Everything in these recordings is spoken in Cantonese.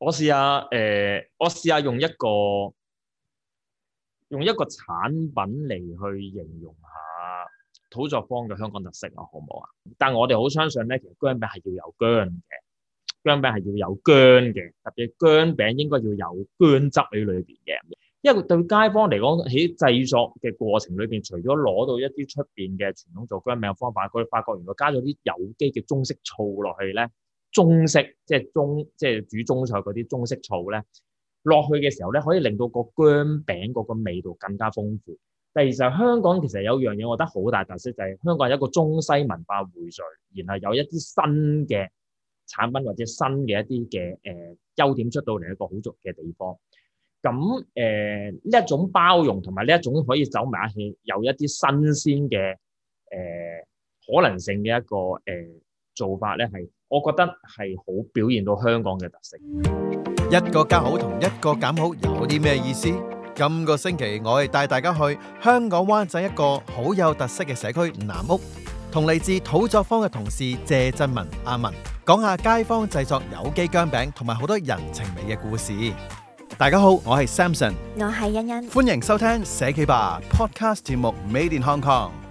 我試下誒，我試下用一個用一個產品嚟去形容下土作坊嘅香港特色啊，好唔好啊？但係我哋好相信咧，其實薑餅係要有薑嘅，薑餅係要有薑嘅，特別薑餅應該要有薑汁喺裏邊嘅，因為對街坊嚟講，喺製作嘅過程裏邊，除咗攞到一啲出邊嘅傳統做薑餅嘅方法，佢發覺原來加咗啲有機嘅中式醋落去咧。中式即係中即係煮中菜嗰啲中式醋咧，落去嘅時候咧，可以令到個姜餅嗰個味道更加豐富。第二就是、香港其實有樣嘢我覺得好大特色，就係、是、香港係一個中西文化匯聚，然後有一啲新嘅產品或者新嘅一啲嘅誒優點出到嚟一個好足嘅地方。咁誒呢一種包容同埋呢一種可以走埋一齊，有一啲新鮮嘅誒可能性嘅一個誒、呃、做法咧，係。我覺得係好表現到香港嘅特色。一個加好同一個減好有啲咩意思？今個星期我哋帶大家去香港灣仔一個好有特色嘅社區南屋，同嚟自土作坊嘅同事謝振文阿文講下街坊製作有機薑餅同埋好多人情味嘅故事。大家好，我係 Samson，我係欣欣，歡迎收聽社企吧 Podcast 節目 Made in Hong Kong。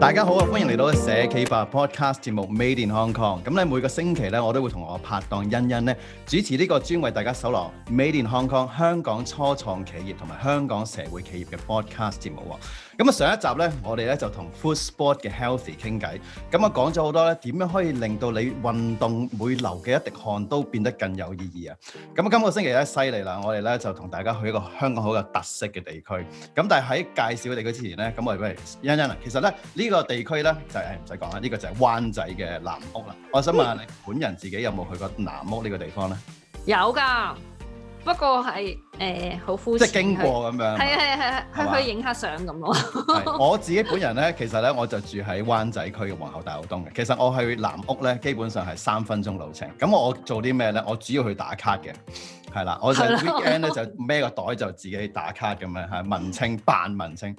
大家好啊，歡迎嚟到社企吧 Podcast 節目 Made in Hong Kong。咁咧，每個星期咧，我都會同我拍檔欣欣咧主持呢個專為大家搜羅 Made in Hong Kong 香港初創企業同埋香港社會企業嘅 Podcast 節目。咁上一集咧，我哋咧就同 Food Sport 嘅 Healthy 傾偈，咁我講咗好多咧，點樣可以令到你運動每流嘅一滴汗都變得更有意義啊？咁今個星期咧犀利啦，我哋咧就同大家去一個香港好有特色嘅地區。咁但係喺介紹地區之前咧，咁我哋，欣欣啊，其實咧呢、這個地區呢，就係唔使講啦，呢、哎這個就係灣仔嘅南屋啦。我想問下你，嗯、本人自己有冇去過南屋呢個地方呢？有㗎。不過係誒，好膚淺，即係經過咁樣。係啊係啊係啊，去去影下相咁咯。我自己本人咧，其實咧我就住喺灣仔區嘅皇后大道東嘅。其實我去南屋咧，基本上係三分鐘路程。咁我做啲咩咧？我主要去打卡嘅。係啦，我就 weekend 咧 就孭個袋就自己打卡咁樣，係文青扮文青。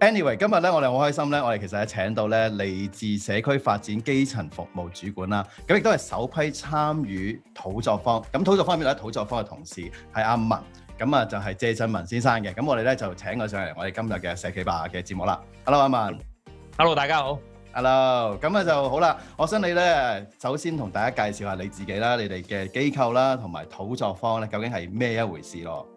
anyway，今日咧我哋好開心咧，我哋其實咧請到咧嚟自社區發展基層服務主管啦，咁亦都係首批參與土作坊。咁土作坊面咧，土作坊嘅同事係阿文，咁啊就係謝振文先生嘅。咁我哋咧就請佢上嚟，我哋今日嘅社企霸嘅節目啦。Hello，阿文，Hello，大家好。Hello，咁啊就好啦。我想你咧，首先同大家介紹下你自己啦，你哋嘅機構啦，同埋土作方咧，究竟係咩一回事咯？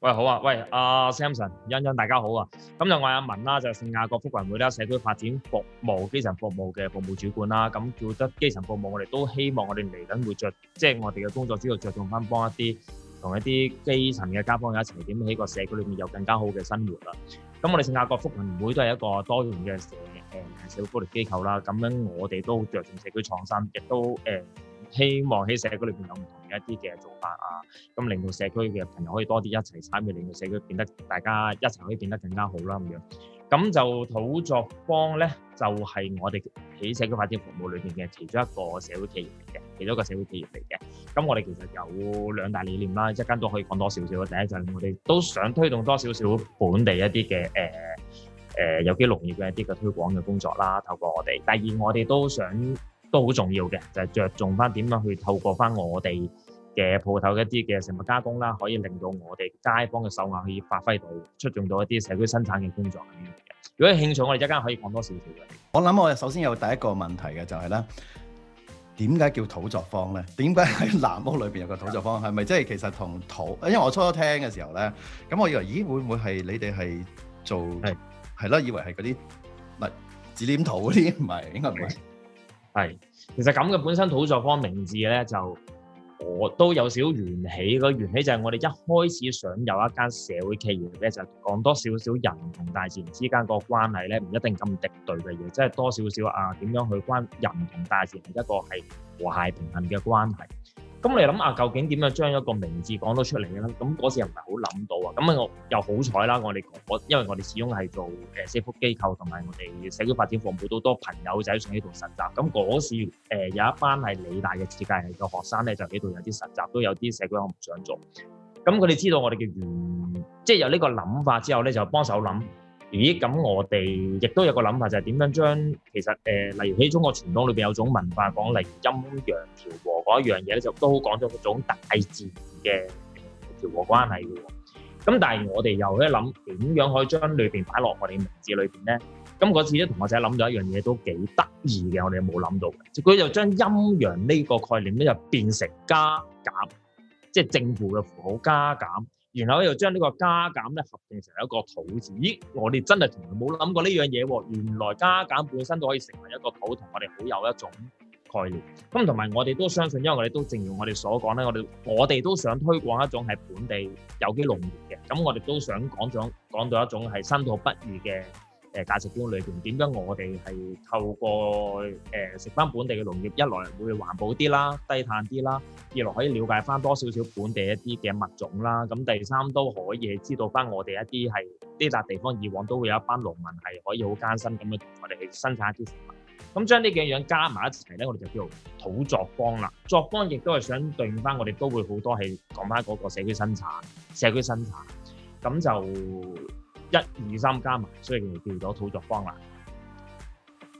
喂，好啊，喂，阿 Samson，欣欣，大家好啊。咁就我阿文啦，就係聖雅各福群會啦，社區發展服務基層服務嘅服務主管啦。咁叫得基層服務，我哋都希望我哋嚟緊會著，即係我哋嘅工作主要着重翻幫一啲同一啲基層嘅街坊，有一齊點起個社區裏面有更加好嘅生活啊。咁我哋聖雅各福群會都係一個多元嘅。誒社會福利機構啦，咁樣我哋都着重社區創新，亦都誒、呃、希望喺社區裏邊有唔同嘅一啲嘅做法啊，咁令到社區嘅朋友可以多啲一齊參與，令到社區變得大家一齊可以變得更加好啦咁樣。咁就土作坊咧，就係、是、我哋喺社區發展服務裏邊嘅其中一個社會企業嚟嘅，其中一個社會企業嚟嘅。咁、嗯、我哋其實有兩大理念啦，一間都可以講多少少嘅。第一就係我哋都想推動多少少本地一啲嘅誒。呃誒有機農業嘅一啲嘅推廣嘅工作啦，透過我哋。第二，我哋都想都好重要嘅，就係著重翻點樣去透過翻我哋嘅鋪頭一啲嘅食物加工啦，可以令到我哋街坊嘅手藝可以發揮到出眾到一啲社區生產嘅工作咁樣嘅。如果有興趣，我哋一間可以講多少少嘅。我諗我首先有第一個問題嘅就係咧，點解叫土作坊咧？點解喺南屋裏邊有個土作坊？係咪即係其實同土？因為我初初聽嘅時候咧，咁我以為，咦，會唔會係你哋係做？係啦，以為係嗰啲唔係紙臉圖嗰啲，唔係應該唔係。係，其實咁嘅本身土著方名字咧，就我都有少緣起。個緣起就係我哋一開始想有一間社會企業咧，就是、講多少少人同大自然之間個關係咧，唔一定咁敵對嘅嘢，即、就、係、是、多少少啊，點樣去關人同大自然一個係。和諧平衡嘅關係，咁你哋諗下，究竟點樣將一個名字講到出嚟咧？咁嗰時又唔係好諗到啊！咁啊，我又好彩啦，我哋我因為我哋始終係做誒社福機構同埋我哋社會發展服務好多朋友仔上喺度實習。咁嗰時、呃、有一班係理大嘅設計系嘅學生咧，就喺度有啲實習，都有啲社區我唔想做。咁佢哋知道我哋嘅原，即係有呢個諗法之後咧，就幫手諗。咦，咁我哋亦都有個諗法，就係點樣將其實誒，例如喺中國傳統裏邊有種文化講例如陰陽調和嗰一樣嘢咧，就都講咗嗰種大自然嘅調和關係嘅。咁但係我哋又喺度諗點樣可以將裏邊擺落我哋名字裏邊咧？咁嗰次咧，同學仔諗到一樣嘢都幾得意嘅，我哋冇諗到，佢就將陰陽呢個概念咧，就變成加減，即係正負嘅符號加減。然後又將呢個加減咧合併成，成一個土字，咦！我哋真係從來冇諗過呢樣嘢喎，原來加減本身都可以成為一個土，同我哋好有一種概念。咁同埋我哋都相信，因為我哋都正如我哋所講咧，我哋我哋都想推廣一種係本地有機農業嘅，咁、嗯、我哋都想講種講到一種係心土不移嘅。誒，價值觀裏邊點解我哋係透過誒食翻本地嘅農業，一來會環保啲啦、低碳啲啦，二來可以了解翻多少少本地一啲嘅物種啦，咁第三都可以知道翻我哋一啲係呢笪地方以往都會有一班農民係可以好艱辛咁樣我哋去生產一啲食物。咁將呢幾樣加埋一齊咧，我哋就叫做土作坊啦。作坊亦都係想對應翻我哋都會好多係講翻嗰個社區生產、社區生產，咁就。一二三加埋，所以叫咗操作方啦。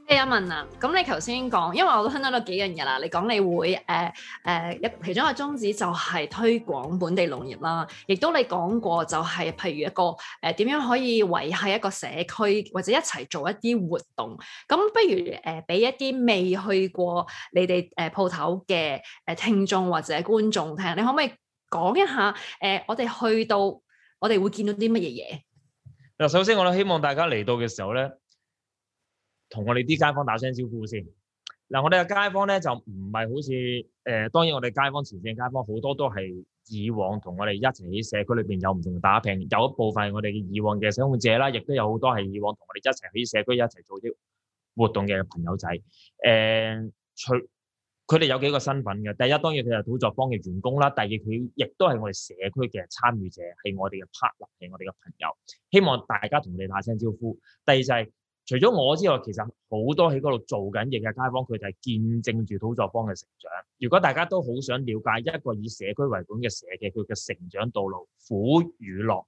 阿文啊，咁你頭先講，因為我都聽到咗幾樣嘢啦。你講你會誒誒一，其中一個宗旨就係推廣本地農業啦。亦都你講過，就係譬如一個誒點、呃、樣可以維繫一個社區，或者一齊做一啲活動。咁不如誒俾、呃、一啲未去過你哋誒鋪頭嘅誒聽眾或者觀眾聽，你可唔可以講一下誒、呃、我哋去到我哋會見到啲乜嘢嘢？嗱，首先我哋希望大家嚟到嘅時候咧，同我哋啲街坊打聲招呼先。嗱、啊，我哋嘅街坊咧就唔係好似誒、呃，當然我哋街、街坊、前線街坊好多都係以往同我哋一齊喺社區裏邊有唔同嘅打拼。有一部分係我哋以往嘅使用者啦，亦都有好多係以往同我哋一齊喺社區一齊做啲活動嘅朋友仔。誒、呃，除佢哋有幾個身份嘅，第一當然佢係土作坊嘅員工啦，第二佢亦都係我哋社區嘅參與者，係我哋嘅 partner，係我哋嘅朋友。希望大家同你打聲招呼。第二就係、是、除咗我之外，其實好多喺嗰度做緊嘢嘅街坊，佢就係見證住土作坊嘅成長。如果大家都好想了解一個以社區為本嘅社企，佢嘅成長道路，苦與樂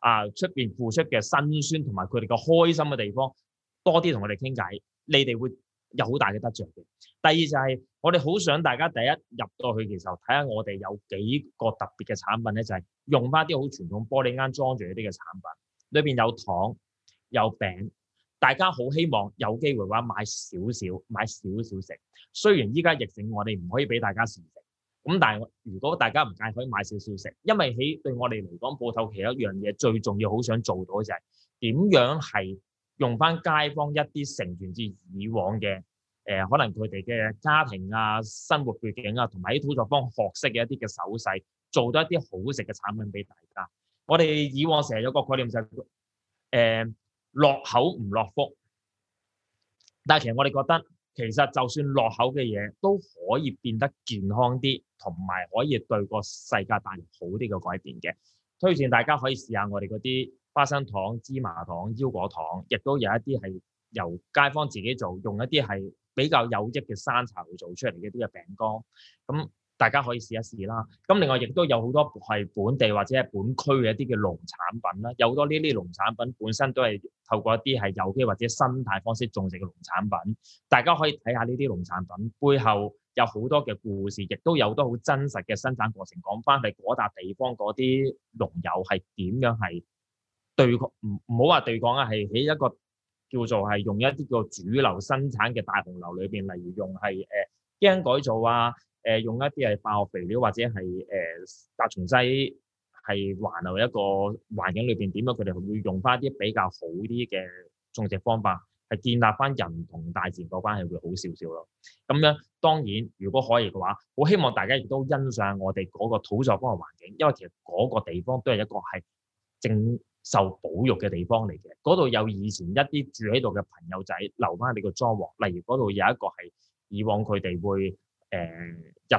啊，出、呃、邊付出嘅辛酸同埋佢哋嘅開心嘅地方，多啲同我哋傾偈，你哋會，有好大嘅得着嘅。第二就係我哋好想大家第一入到去嘅時候，睇下我哋有幾個特別嘅產品咧，就係用翻啲好傳統玻璃間裝住一啲嘅產品，裏邊有糖有餅，大家好希望有機會嘅話買少少，買少少食。雖然依家疫情我哋唔可以俾大家試食，咁但係如果大家唔介意可以買少少食，因為喺對我哋嚟講，舖頭其一樣嘢最重要，好想做到就係點樣係。用翻街坊一啲成員至以往嘅誒、呃，可能佢哋嘅家庭啊、生活背景啊，同埋喺土作坊學識嘅一啲嘅手勢，做多一啲好食嘅產品俾大家。我哋以往成日有個概念就係誒落口唔落福，但係其實我哋覺得其實就算落口嘅嘢都可以變得健康啲，同埋可以對個世界帶嚟好啲嘅改變嘅。推薦大家可以試下我哋嗰啲，花生糖、芝麻糖、腰果糖，亦都有一啲係由街坊自己做，用一啲係比較有益嘅山茶去做出嚟嘅一啲嘅餅乾，咁大家可以試一試啦。咁另外亦都有好多係本地或者係本區嘅一啲嘅農產品啦，有好多呢啲農產品本身都係透過一啲係有機或者生態方式種植嘅農產品，大家可以睇下呢啲農產品背後有好多嘅故事，亦都有好多好真實嘅生產過程，講翻係嗰笪地方嗰啲農友係點樣係。對抗，唔唔好話對抗啊，係喺一個叫做係用一啲個主流生產嘅大棚樓裏邊，例如用係誒基因改造啊，誒、呃、用一啲係化學肥料或者係誒、呃、殺蟲劑，係環流一個環境裏邊點樣，佢哋會用翻啲比較好啲嘅種植方法，係建立翻人同大自然個關係會好少少咯。咁樣當然，如果可以嘅話，我希望大家亦都欣賞我哋嗰個土作方面環境，因為其實嗰個地方都係一個係正。受保育嘅地方嚟嘅，嗰度有以前一啲住喺度嘅朋友仔留翻你個裝潢，例如嗰度有一個係以往佢哋會誒、呃、日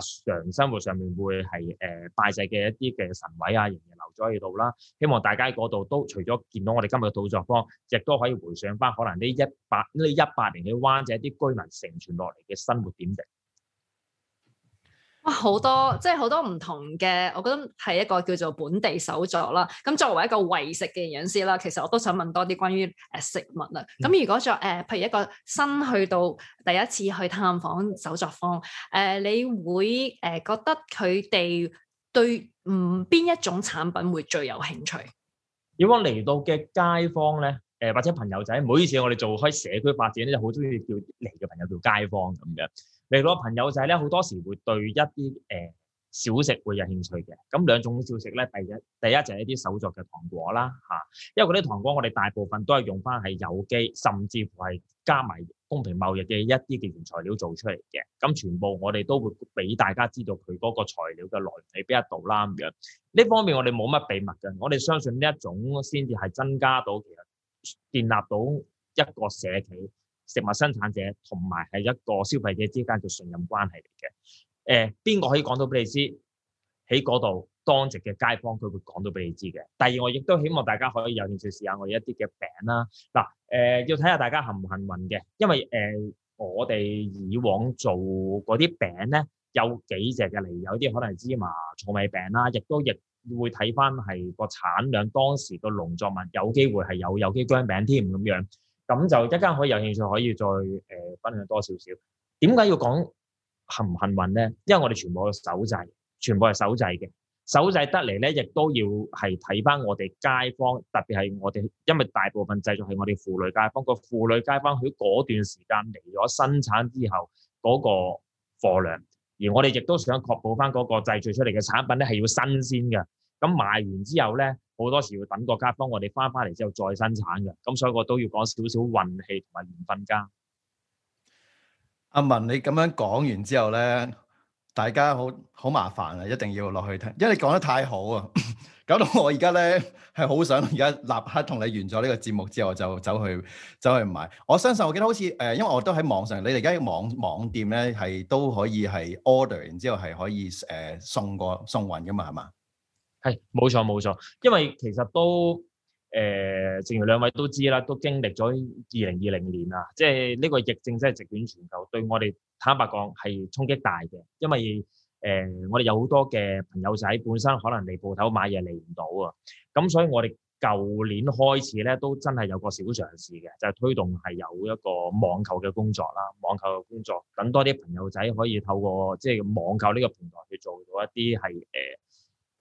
常生活上面會係誒、呃、拜祭嘅一啲嘅神位啊，仍然留咗喺度啦。希望大家嗰度都除咗見到我哋今日嘅土作坊，亦都可以回想翻可能呢一百呢一百年嘅灣仔啲居民成存落嚟嘅生活點滴。哇！好多，即係好多唔同嘅，我覺得係一個叫做本地手作啦。咁作為一個為食嘅人士啦，其實我都想問多啲關於誒食物啊。咁如果作誒、呃，譬如一個新去到第一次去探訪手作坊，誒、呃，你會誒、呃、覺得佢哋對嗯邊、呃、一種產品會最有興趣？如果嚟到嘅街坊咧，誒、呃、或者朋友仔，唔好意思，我哋做開社區發展咧，就好中意叫嚟嘅朋友叫街坊咁樣。另外朋友仔、就、咧、係，好多時會對一啲誒、呃、小食會有興趣嘅。咁兩種小食咧，第一第一就係一啲手作嘅糖果啦，嚇、啊。因為嗰啲糖果我哋大部分都係用返係有機，甚至乎係加埋公平貿易嘅一啲原材料做出嚟嘅。咁全部我哋都會俾大家知道佢嗰個材料嘅來源喺邊一度啦咁樣。呢方面我哋冇乜秘密嘅，我哋相信呢一種先至係增加到其實建立到一個社企。食物生產者同埋係一個消費者之間嘅信任關係嚟嘅。誒、呃，邊個可以講到俾你知？喺嗰度當值嘅街坊，佢會講到俾你知嘅。第二，我亦都希望大家可以有興趣試下我哋一啲嘅餅啦、啊。嗱、呃，誒要睇下大家幸唔幸運嘅，因為誒、呃、我哋以往做嗰啲餅咧，有幾隻嘅嚟，有啲可能係芝麻、草莓餅啦、啊，亦都亦會睇翻係個產量，當時個農作物有機會係有有機薑餅添咁樣。咁就一間可以有興趣可以再誒、呃、分享多少少？點解要講幸唔幸運咧？因為我哋全部係手製，全部係手製嘅手製得嚟咧，亦都要係睇翻我哋街坊，特別係我哋，因為大部分製造係我哋婦女街坊、嗰個婦女街坊佢嗰段時間嚟咗生產之後嗰個貨量，而我哋亦都想確保翻嗰個製造出嚟嘅產品咧係要新鮮嘅。咁賣完之後咧。好多時要等國家幫我哋翻翻嚟之後再生產嘅，咁所以我都要講少少運氣同埋緣分㗎。阿文，你咁樣講完之後咧，大家好好麻煩啊！一定要落去聽，因為你講得太好啊，搞到我而家咧係好想而家立刻同你完咗呢個節目之後就走去走去買。我相信我記得好似誒、呃，因為我都喺網上，你哋而家嘅網網店咧係都可以係 order，然之後係可以誒、呃、送過送運㗎嘛，係嘛？係冇、哎、錯冇錯，因為其實都誒、呃，正如兩位都知啦，都經歷咗二零二零年啊，即係呢個疫症真係、就是、席捲全球，對我哋坦白講係衝擊大嘅。因為誒、呃，我哋有好多嘅朋友仔本身可能嚟鋪頭買嘢嚟唔到啊，咁所以我哋舊年開始咧都真係有個小嘗試嘅，就係、是、推動係有一個網購嘅工作啦，網購嘅工作，等多啲朋友仔可以透過即係網購呢個平台去做到一啲係誒。呃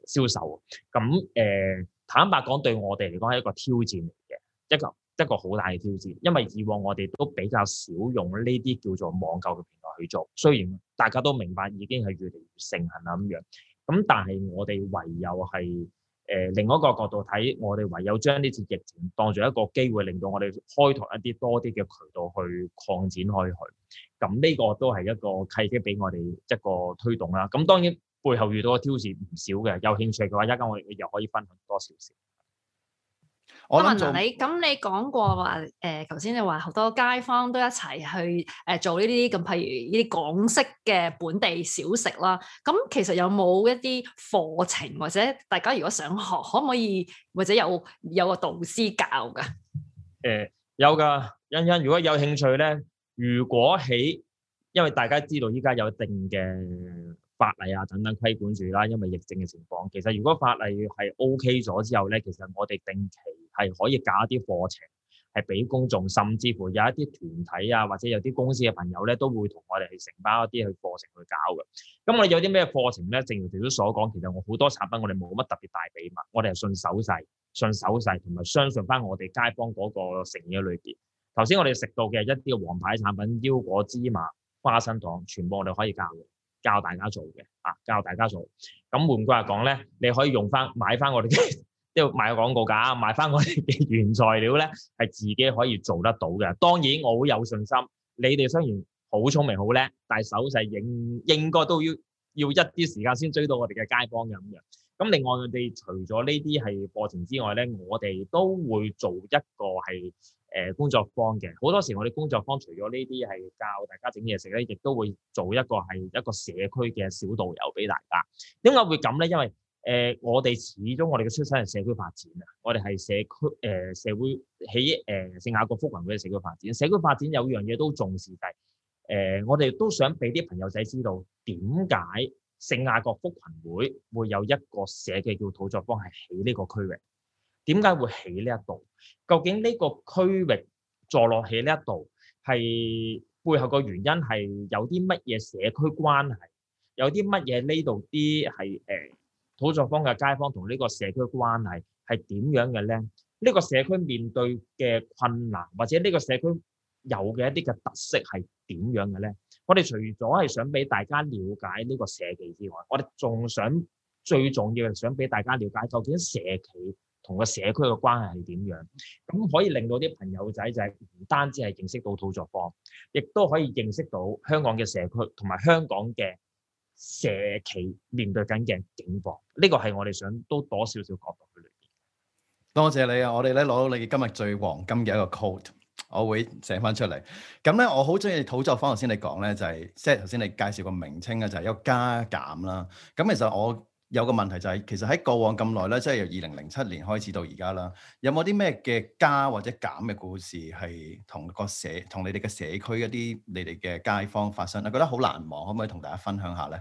銷售咁誒、呃，坦白講，對我哋嚟講係一個挑戰嚟嘅，一個一個好大嘅挑戰。因為以往我哋都比較少用呢啲叫做網購嘅平台去做，雖然大家都明白已經係越嚟越盛行啦咁樣。咁但係我哋唯有係誒、呃、另一個角度睇，我哋唯有將呢次疫情當做一個機會，令到我哋開拓一啲多啲嘅渠道去擴展開去。咁呢個都係一個契機俾我哋一個推動啦。咁當然。背後遇到嘅挑戰唔少嘅，有興趣嘅話，一陣間我哋又可以分享多少少。我問你，咁你講過話，誒，頭先你話好多街坊都一齊去，誒，做呢啲咁，譬如呢啲港式嘅本地小食啦。咁其實有冇一啲課程，或者大家如果想學，可唔可以，或者有有個導師教噶？誒，有噶，欣欣，如果有興趣咧，如果喺，因為大家知道依家有一定嘅。法例啊，等等規管住啦，因為疫症嘅情況。其實如果法例係 OK 咗之後咧，其實我哋定期係可以搞一啲課程，係俾公眾，甚至乎有一啲團體啊，或者有啲公司嘅朋友咧，都會同我哋去承包一啲去課程去搞嘅。咁我有啲咩課程咧？正如你所講，其實我好多產品我哋冇乜特別大秘密，我哋係信手勢，信手勢，同埋相信翻我哋街坊嗰個誠意裏邊。頭先我哋食到嘅一啲黃牌產品，腰果、芝麻、花生糖，全部我哋可以教嘅。教大家做嘅啊，教大家做。咁換句話講咧，你可以用翻買翻我哋嘅，即 係買個廣告㗎，買翻我哋嘅原材料咧，係自己可以做得到嘅。當然我會有信心，你哋雖然好聰明好叻，但係手勢應應該都要要一啲時間先追到我哋嘅街坊咁樣。咁另外我哋除咗呢啲係過程之外咧，我哋都會做一個係。誒工作坊嘅好多時，我哋工作坊除咗呢啲係教大家整嘢食咧，亦都會做一個係一個社區嘅小導遊俾大家。點解會咁咧？因為誒、呃，我哋始終我哋嘅出身係社區發展啊，我哋係社區誒、呃、社會起誒、呃、聖雅各福群會嘅社區發展。社區發展有樣嘢都重視就係誒、呃，我哋都想俾啲朋友仔知道點解聖雅各福群會會有一個社嘅叫土作坊係起呢個區域。點解會起呢一度？究竟呢個區域坐落起呢一度，係背後個原因係有啲乜嘢社區關係？有啲乜嘢呢度啲係誒土作坊嘅街坊同呢個社區關係係點樣嘅咧？呢個社區面對嘅困難，或者呢個社區有嘅一啲嘅特色係點樣嘅咧？我哋除咗係想俾大家瞭解呢個社企之外，我哋仲想最重要係想俾大家瞭解究竟社企。同個社區嘅關係係點樣？咁可以令到啲朋友仔就係唔單止係認識到土作坊，亦都可以認識到香港嘅社區同埋香港嘅社企面對緊嘅境況。呢、這個係我哋想都多少少角度去裏邊。多謝你啊！我哋咧攞到你嘅今日最黃金嘅一個 code，我會寫翻出嚟。咁咧，我好中意土作坊。頭先你講咧、就係，就係即係頭先你介紹個名稱啊，就係有加減啦。咁其實我有個問題就係、是，其實喺過往咁耐咧，即係由二零零七年開始到而家啦，有冇啲咩嘅加或者減嘅故事係同個社、同你哋嘅社區一啲你哋嘅街坊發生？我覺得好難忘，可唔可以同大家分享下咧？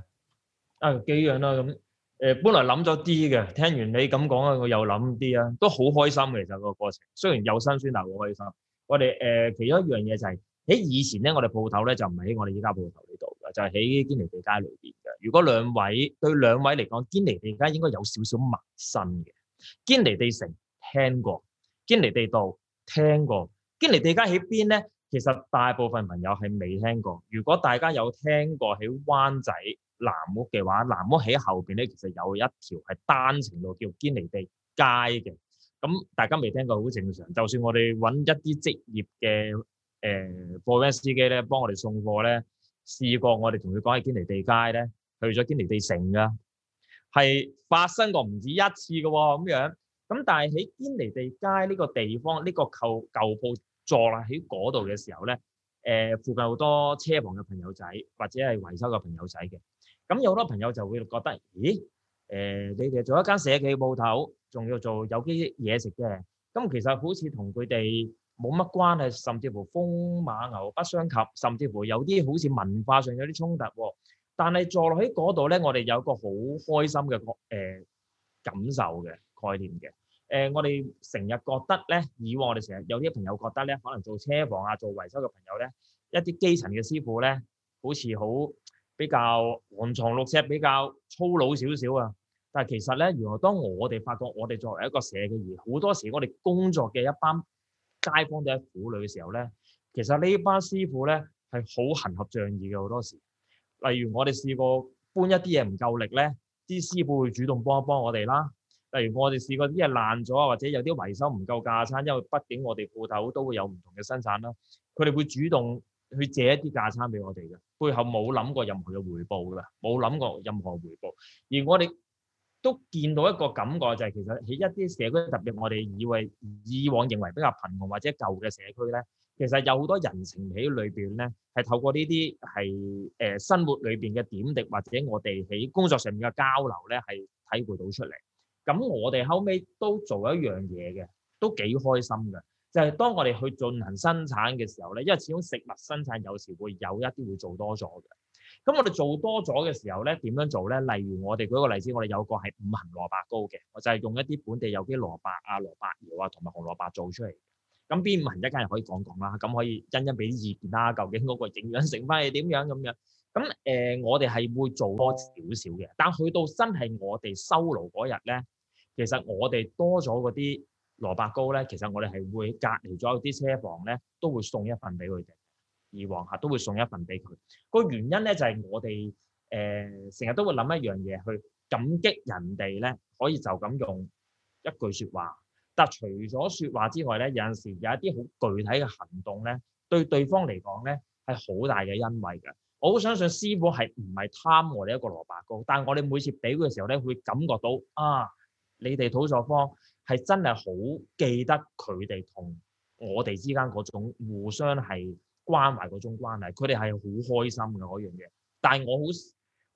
啊幾樣啦、啊、咁，誒、嗯呃、本來諗咗啲嘅，聽完你咁講啊，我又諗啲啊，都好開心嘅、啊。其實個過程雖然有辛酸，但係好開心。我哋誒、呃、其中一樣嘢就係、是、喺以前咧，我哋鋪頭咧就唔喺我哋而家鋪頭呢度。就係喺堅尼地街裏邊嘅。如果兩位對兩位嚟講，堅尼地街應該有少少陌生嘅。堅尼地城聽過，堅尼地道聽過，堅尼地街喺邊咧？其實大部分朋友係未聽過。如果大家有聽過喺灣仔藍屋嘅話，藍屋喺後邊咧，其實有一條係單程路叫堅尼地街嘅。咁大家未聽過，好正常。就算我哋揾一啲職業嘅誒貨運司機咧，幫我哋送貨咧。試過我哋同佢講喺堅尼地街咧，去咗堅尼地城噶，係發生過唔止一次噶，咁樣。咁但係喺堅尼地街呢個地方，呢個舊舊鋪座啦，喺嗰度嘅時候咧，誒，附近好多車房嘅朋友仔，或者係維修嘅朋友仔嘅。咁有好多朋友就會覺得，咦，誒，你哋做一間社企鋪頭，仲要做有機嘢食嘅，咁其實好似同佢哋。冇乜關係，甚至乎風馬牛不相及，甚至乎有啲好似文化上有啲衝突喎。但係坐落喺嗰度咧，我哋有個好開心嘅個誒感受嘅概念嘅誒。我哋成日覺得咧，以往我哋成日有啲朋友覺得咧，可能做車房啊、做維修嘅朋友咧，一啲基層嘅師傅咧，好似好比較黃牆綠石、比較粗魯少少啊。但係其實咧，原來當我哋發覺我哋作為一個社嘅而好多時，我哋工作嘅一班。街坊都喺苦裏嘅時候咧，其實呢班師傅咧係好行俠仗義嘅好多時。例如我哋試過搬一啲嘢唔夠力咧，啲師傅會主動幫一幫我哋啦。例如我哋試過啲嘢爛咗啊，或者有啲維修唔夠架撐，因為畢竟我哋鋪頭都會有唔同嘅生產啦，佢哋會主動去借一啲架撐俾我哋嘅，背後冇諗過任何嘅回報㗎喇，冇諗過任何回報。而我哋。都見到一個感覺，就係其實喺一啲社區，特別我哋以為以往認為比較貧窮或者舊嘅社區咧，其實有好多人情喺裏邊咧，係透過呢啲係誒生活裏邊嘅點滴，或者我哋喺工作上面嘅交流咧，係體會到出嚟。咁我哋後尾都做一樣嘢嘅，都幾開心嘅，就係當我哋去進行生產嘅時候咧，因為始終食物生產有時會有一啲會做多咗嘅。咁我哋做多咗嘅時候咧，點樣做咧？例如我哋舉個例子，我哋有個係五行蘿蔔糕嘅，我就係、是、用一啲本地有機蘿蔔啊、蘿蔔苗啊同埋紅蘿蔔做出嚟。咁邊五行一間人可以講講啦，咁可以欣欣俾啲意見啦。究竟嗰個營養成分係點樣咁樣？咁誒、呃，我哋係會做多少少嘅，但去到真係我哋收爐嗰日咧，其實我哋多咗嗰啲蘿蔔糕咧，其實我哋係會隔離咗啲車房咧，都會送一份俾佢哋。而王客都會送一份俾佢，個原因咧就係、是、我哋誒成日都會諗一樣嘢去感激人哋咧，可以就咁用一句説話。但除咗説話之外咧，有陣時有一啲好具體嘅行動咧，對對方嚟講咧係好大嘅恩惠㗎。我好相信師傅係唔係貪我哋一個蘿蔔糕，但係我哋每次俾佢嘅時候咧，會感覺到啊，你哋土著方係真係好記得佢哋同我哋之間嗰種互相係關懷嗰種關係，佢哋係好開心嘅嗰樣嘢。但係我好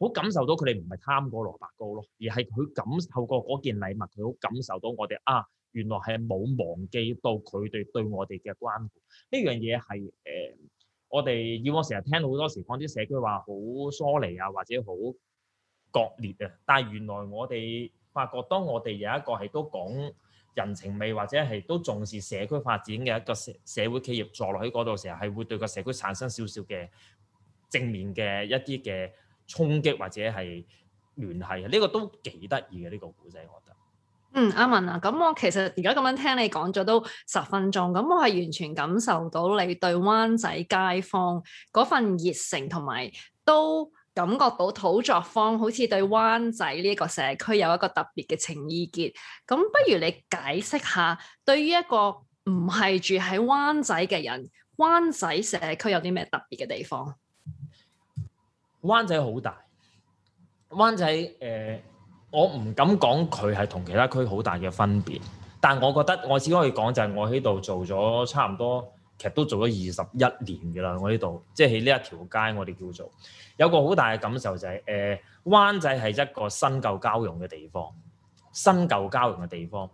好感受到佢哋唔係貪嗰個蘿蔔糕咯，而係佢感受過嗰件禮物，佢好感受到我哋啊，原來係冇忘記到佢哋對，對我哋嘅關顧。呢樣嘢係誒，我哋以往成日聽到好多時講啲社區話好疏離啊，或者好割裂啊。但係原來我哋發覺，當我哋有一個係都講。人情味或者係都重視社區發展嘅一個社社會企業坐落喺嗰度，成日係會對個社區產生少少嘅正面嘅一啲嘅衝擊或者係聯繫。呢個都幾得意嘅呢個故仔，我覺得。嗯，阿文啊，咁我其實而家咁樣聽你講咗都十分鐘，咁我係完全感受到你對灣仔街坊嗰份熱誠同埋都。感覺到土作坊好似對灣仔呢個社區有一個特別嘅情意結，咁不如你解釋下，對於一個唔係住喺灣仔嘅人，灣仔社區有啲咩特別嘅地方？灣仔好大，灣仔誒、呃，我唔敢講佢係同其他區好大嘅分別，但我覺得我只可以講就係我喺度做咗差唔多。其實都做咗二十一年嘅啦，我呢度，即係喺呢一條街，我哋叫做有個好大嘅感受就係、是，誒、呃、灣仔係一個新舊交融嘅地方，新舊交融嘅地方，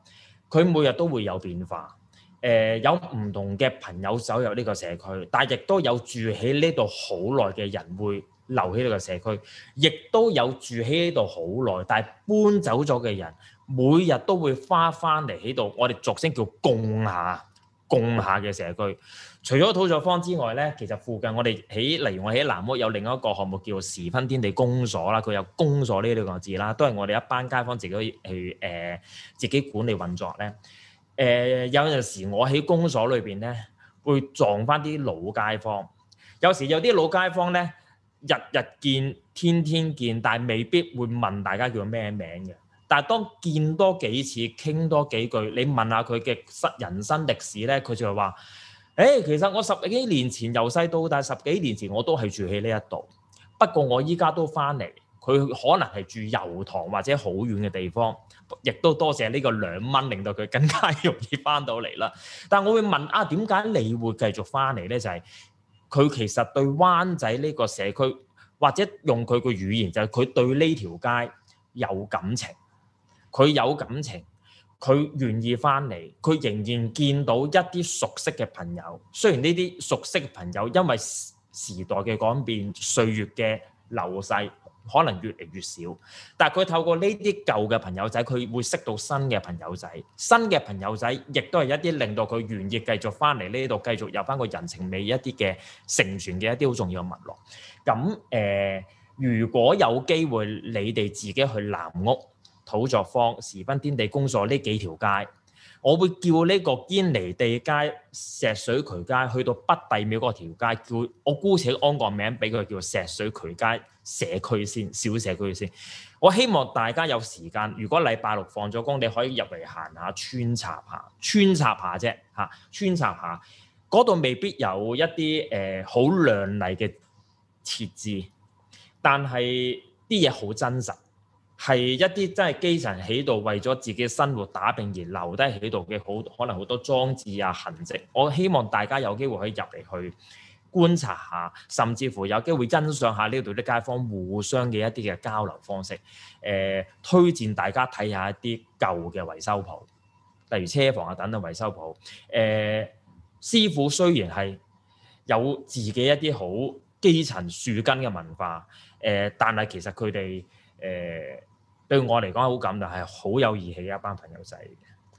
佢每日都會有變化，誒、呃、有唔同嘅朋友走入呢個社區，但係亦都有住喺呢度好耐嘅人會留喺呢個社區，亦都有住喺呢度好耐但係搬走咗嘅人，每日都會翻返嚟喺度，我哋俗稱叫共下。供下嘅社區，除咗土作坊之外呢，其實附近我哋喺例如我喺南屋有另一個項目叫做時分天地公所啦，佢有公所呢兩個字啦，都係我哋一班街坊自己去誒、呃、自己管理運作呢，誒、呃、有陣時我喺公所裏邊呢，會撞翻啲老街坊，有時有啲老街坊呢，日日見天天見，但係未必會問大家叫咩名嘅。但係當見多幾次，傾多幾句，你問下佢嘅人生歷史呢，佢就係話：誒、欸，其實我十幾年前由細到大，十幾年前我都係住喺呢一度。不過我依家都翻嚟，佢可能係住油塘或者好遠嘅地方，亦都多謝呢個兩蚊，令到佢更加容易翻到嚟啦。但係我會問啊，點解你會繼續翻嚟呢？就係、是、佢其實對灣仔呢個社區，或者用佢個語言就係、是、佢對呢條街有感情。佢有感情，佢願意翻嚟，佢仍然見到一啲熟悉嘅朋友。雖然呢啲熟悉嘅朋友，因為時代嘅改變、歲月嘅流逝，可能越嚟越少。但係佢透過呢啲舊嘅朋友仔，佢會識到新嘅朋友仔。新嘅朋友仔亦都係一啲令到佢願意繼續翻嚟呢度，繼續有翻個人情味一啲嘅成全嘅一啲好重要嘅脈絡。咁誒、呃，如果有機會，你哋自己去南屋。土作坊、時分天地工所呢幾條街，我會叫呢個堅尼地街、石水渠街，去到北帝廟嗰條街，叫我姑且安個名俾佢，叫石水渠街社區先，小社區先。我希望大家有時間，如果禮拜六放咗工，你可以入嚟行下，穿插下，穿插下啫嚇，穿插下嗰度未必有一啲誒好靚麗嘅設置，但係啲嘢好真實。係一啲真係基層喺度為咗自己生活打拼而留低喺度嘅，好可能好多裝置啊、痕跡，我希望大家有機會可以入嚟去觀察下，甚至乎有機會欣賞下呢度啲街坊互相嘅一啲嘅交流方式。誒、呃，推薦大家睇下一啲舊嘅維修鋪，例如車房啊、等等維修鋪。誒、呃，師傅雖然係有自己一啲好基層樹根嘅文化，誒、呃，但係其實佢哋誒。呃對我嚟講好感，就係好有義氣一班朋友仔，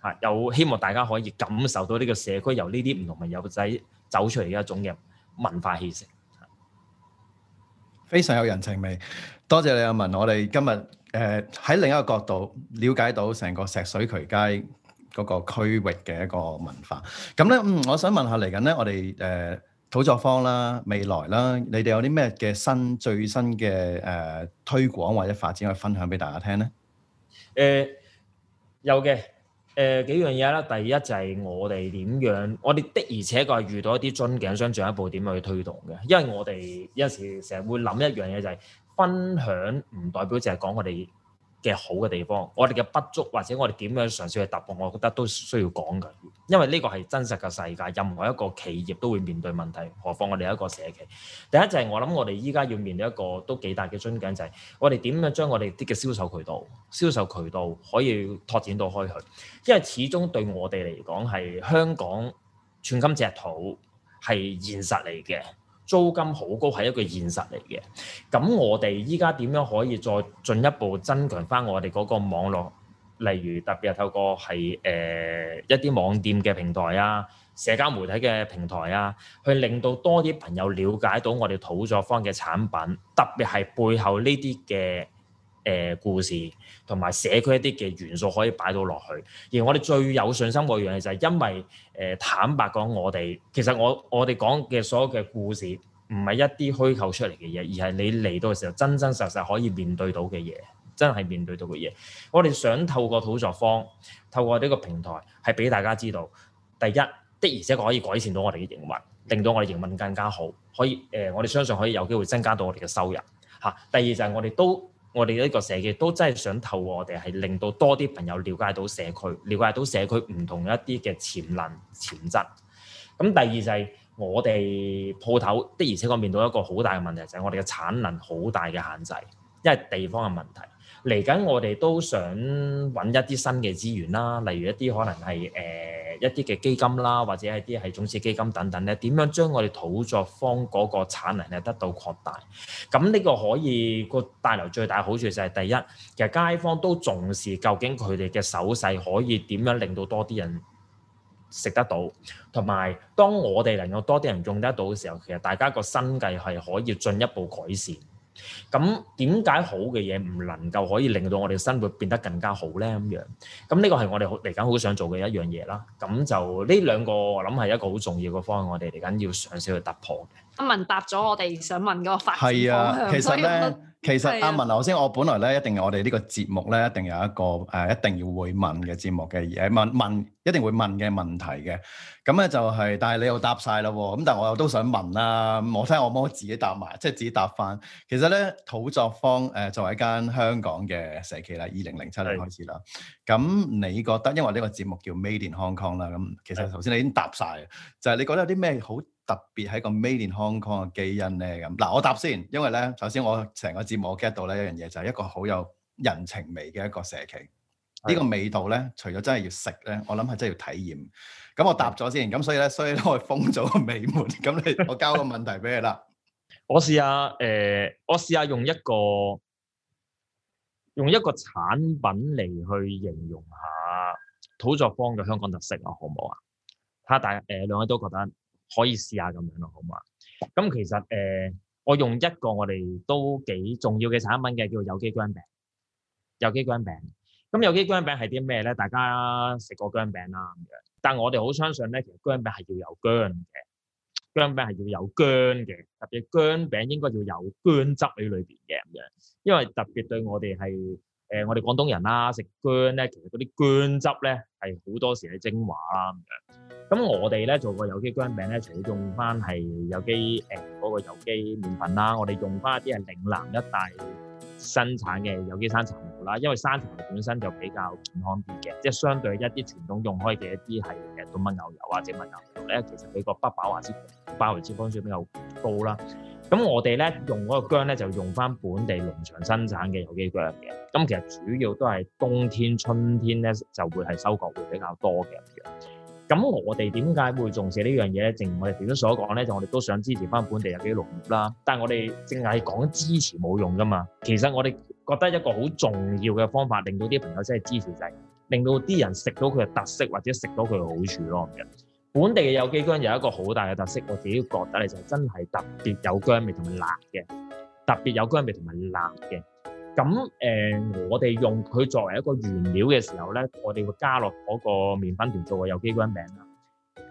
嚇！又希望大家可以感受到呢個社區由呢啲唔同朋友仔走出嚟嘅一種嘅文化氣息，非常有人情味。多謝李亞文，我哋今日誒喺另一個角度了解到成個石水渠街嗰個區域嘅一個文化。咁咧，嗯，我想問下嚟緊咧，我哋誒。呃土作坊啦，未來啦，你哋有啲咩嘅新最新嘅誒、呃、推廣或者發展去分享俾大家聽咧？誒、呃、有嘅，誒、呃、幾樣嘢啦、啊。第一就係我哋點樣，我哋的而且確係遇到一啲樽頸商，進一步點去推動嘅。因為我哋有時成日會諗一樣嘢、就是，就係分享唔代表就係講我哋。嘅好嘅地方，我哋嘅不足或者我哋點樣嘗試去突破，我覺得都需要講嘅，因為呢個係真實嘅世界，任何一個企業都會面對問題，何況我哋一個社企。第一就係我諗我哋依家要面對一個都幾大嘅樽頸，就係我哋點樣將我哋啲嘅銷售渠道、銷售渠道可以拓展到開去，因為始終對我哋嚟講，係香港寸金尺土，係現實嚟嘅。租金好高，係一個現實嚟嘅，咁我哋依家點樣可以再進一步增強翻我哋嗰個網絡？例如特別係透過係誒、呃、一啲網店嘅平台啊、社交媒體嘅平台啊，去令到多啲朋友了解到我哋土作坊嘅產品，特別係背後呢啲嘅。誒故事同埋社區一啲嘅元素可以擺到落去，而我哋最有信心嘅一樣嘢就係因為誒、呃、坦白講，我哋其實我我哋講嘅所有嘅故事唔係一啲虛構出嚟嘅嘢，而係你嚟到嘅時候真真實實可以面對到嘅嘢，真係面對到嘅嘢。我哋想透過土作方，透過呢個平台係俾大家知道，第一的而且確可以改善到我哋嘅營運，令到我哋營運更加好，可以誒、呃、我哋相信可以有機會增加到我哋嘅收入嚇。第二就係我哋都。.我哋呢個社記都真係想透過我哋係令到多啲朋友了解到社區，了解到社區唔同一啲嘅潛能、潛質。咁第二就係我哋鋪頭的，而且我面對一個好大嘅問題，就係我哋嘅產能好大嘅限制，因為地方嘅問題。嚟緊，我哋都想揾一啲新嘅資源啦，例如一啲可能係誒、呃、一啲嘅基金啦，或者係啲係種子基金等等咧。點樣將我哋土作方嗰個產能咧得到擴大？咁呢個可以、這個帶來最大好處就係第一，其實街坊都重視究竟佢哋嘅手勢可以點樣令到多啲人食得到，同埋當我哋能夠多啲人用得到嘅時候，其實大家個生計係可以進一步改善。咁點解好嘅嘢唔能夠可以令到我哋生活變得更加好咧？咁樣，咁呢個係我哋嚟緊好想做嘅一樣嘢啦。咁就呢兩個，我諗係一個好重要嘅方案，我哋嚟緊要嘗試去突破嘅。阿文答咗我哋想問嗰個發展方向啊，其實咧， 啊、其實阿文啊，頭先，我本來咧一定我哋呢個節目咧一定有一個誒、呃，一定要會問嘅節目嘅嘢、呃、問問，一定會問嘅問題嘅。咁咧就係、是，但係你又答晒啦喎。咁但係我又都想問啦、啊。我睇下我可唔可以自己答埋，即係自己答翻。其實咧，土作坊誒、呃、作為一間香港嘅社企啦，二零零七年開始啦。咁是你覺得，因為呢個節目叫 Made in Hong Kong 啦。咁其實頭先是你已經答曬，就係、是、你覺得有啲咩好？特別喺個 made in Hong Kong 嘅基因咧咁，嗱、啊、我先答先，因為咧，首先我成個節目我 get 到咧一樣嘢就係一個好有人情味嘅一個社企，呢的個味道咧除咗真係要食咧，我諗係真係要體驗。咁我答咗先，咁的所以咧，所以都係封咗個尾門。咁你我交個問題俾你啦、 呃。我試下誒，我試下用一個用一個產品嚟去形容下土作坊嘅香港特色啊，好唔好啊？睇大誒兩、呃、位都覺得。可以試下咁樣咯，好嘛？咁其實誒、呃，我用一個我哋都幾重要嘅產品嘅，叫做有機薑餅。有機薑餅，咁有機薑餅係啲咩咧？大家食過薑餅啦咁樣，但我哋好相信咧，其實薑餅係要有薑嘅，薑餅係要有薑嘅，特別薑餅應該要有薑汁喺裏邊嘅咁樣，因為特別對我哋係。誒、呃，我哋廣東人啦、啊，食薑咧，其實嗰啲薑汁咧係好多時係精華啦咁樣。咁我哋咧做過有呢有、呃那個有機薑餅咧，除咗用翻係有機誒嗰個有機麵粉啦，我哋用翻一啲係嶺南一帶生產嘅有機山茶油啦，因為山茶油本身就比較健康啲嘅，即係相對一啲傳統用開嘅一啲係誒動物牛油或者植物牛油咧，其實佢個不飽和脂不飽和脂肪酸比較高啦。咁我哋咧用嗰個薑咧就用翻本地農場生產嘅有機薑嘅，咁其實主要都係冬天、春天咧就會係收穫會比較多嘅。咁我哋點解會重視呢樣嘢咧？正如我哋頭先所講咧，就我哋都想支持翻本地有機農業啦。但係我哋淨係講支持冇用噶嘛，其實我哋覺得一個好重要嘅方法，令到啲朋友真係支持就係令到啲人食到佢嘅特色或者食到佢嘅好處咯。本地嘅有機薑有一個好大嘅特色，我自己覺得咧就真係特別有薑味同埋辣嘅，特別有薑味同埋辣嘅。咁誒、呃，我哋用佢作為一個原料嘅時候咧，我哋會加落嗰個麵粉團做個有機薑餅啦。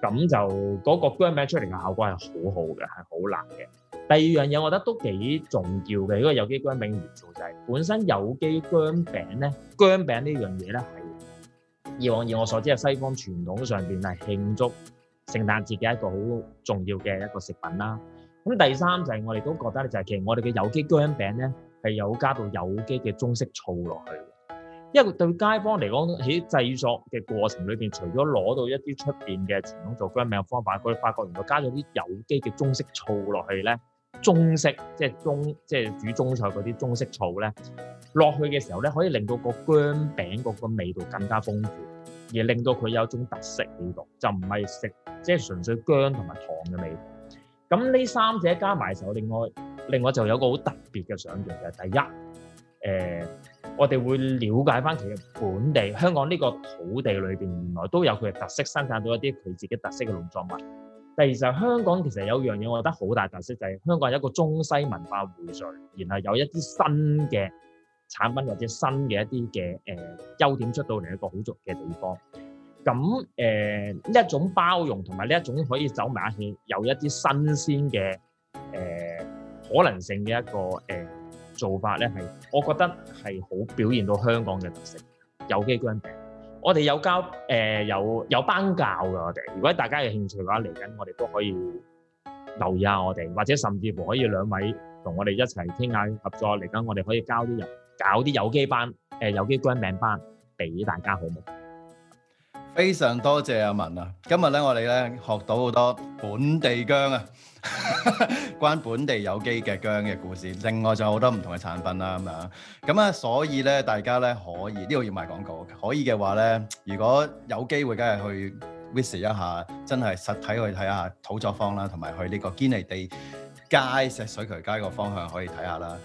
咁就嗰個薑餅出嚟嘅效果係好好嘅，係好辣嘅。第二樣嘢我覺得都幾重要嘅，因為有機薑餅元素就係、是、本身有機薑餅咧，薑餅呢樣嘢咧。以往以我所知嘅西方傳統上邊係慶祝聖誕節嘅一個好重要嘅一個食品啦。咁第三就係我哋都覺得咧，就係其實我哋嘅有機薑餅咧係有加到有機嘅中式醋落去。因為對街坊嚟講，喺製作嘅過程裏邊，除咗攞到一啲出邊嘅傳統做薑餅嘅方法，佢發覺原來加咗啲有機嘅中式醋落去咧。中式即係中即係煮中菜嗰啲中式醋咧，落去嘅時候咧，可以令到個薑餅個個味道更加豐富，而令到佢有一種特色味道，就唔係食即係純粹薑同埋糖嘅味道。咁呢三者加埋就另外另外就有一個好特別嘅想像嘅，就係、第一誒、呃，我哋會了解返其實本地香港呢個土地裏邊原來都有佢嘅特色，生產到一啲佢自己特色嘅農作物。第二就是、香港其實有樣嘢我覺得好大特色，就係、是、香港係一個中西文化匯聚，然後有一啲新嘅產品或者新嘅一啲嘅誒優點出到嚟一個好足嘅地方。咁誒呢一種包容同埋呢一種可以走埋一齊，有一啲新鮮嘅誒可能性嘅一個誒、呃、做法咧，係我覺得係好表現到香港嘅特色。有機光餅。我哋有教，誒有有班教嘅。我哋如果大家有興趣嘅話，嚟緊我哋都可以留意下我哋，或者甚至乎可以兩位同我哋一齊傾下合作。嚟緊我哋可以教啲人搞啲有機班，誒有機耕種班俾大家，好唔好？非常多謝阿文啊！今日咧我哋咧學到好多本地薑啊， 關本地有機嘅薑嘅故事。另外仲有好多唔同嘅產品啦咁樣。咁啊，所以咧大家咧可以呢個要賣廣告，可以嘅話咧，如果有機會梗係去 visit 一下，真係實體去睇下土作坊啦，同埋去呢個堅尼地街石水渠街個方向可以睇下啦。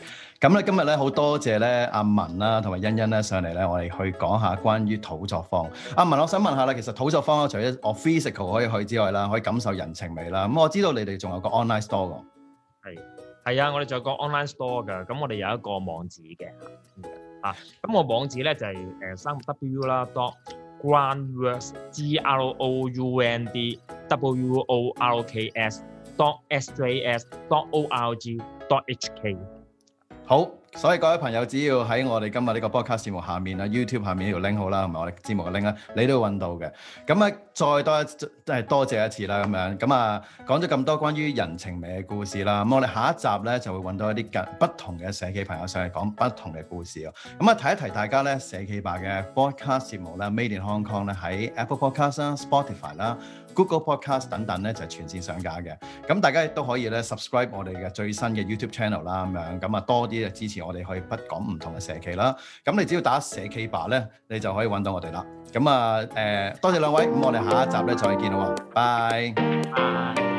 咁咧今日咧好多謝咧阿文啦，同埋欣欣咧上嚟咧，我哋去講下關於土作坊。阿文，我想問下啦，其實土作坊咧，除咗我 physical 可以去之外啦，可以感受人情味啦。咁我知道你哋仲有個 online store 㗎。係，係啊，我哋仲有個 online store 㗎。咁我哋有一個網址嘅嚇。咁個網址咧就係誒三 W 啦，dot groundworks，G R O U N D W O R K S dot s j s dot o r g dot h k。好，所以各位朋友只要喺我哋今日呢個 Podcast 節目下面啦，YouTube 下面呢條 link 好啦，同埋我哋節目嘅 link 啦，你都會揾到嘅。咁啊，再多一次，真係多謝一次啦，咁樣咁啊，講咗咁多關於人情味嘅故事啦，咁我哋下一集咧就會揾到一啲更不同嘅社企朋友上嚟講不同嘅故事。咁啊，提一提大家咧，社企吧嘅 Podcast 節目咧，Made in Hong Kong 咧喺 Apple Podcast 啦、Podcast, Spotify 啦。Google Podcast 等等咧就係全線上架嘅，咁大家亦都可以咧 subscribe 我哋嘅最新嘅 YouTube channel 啦，咁樣咁啊多啲支持我哋去不講唔同嘅社企啦，咁你只要打社企吧咧，你就可以搵到我哋啦，咁啊，誒多謝兩位，咁我哋下一集咧再見拜拜。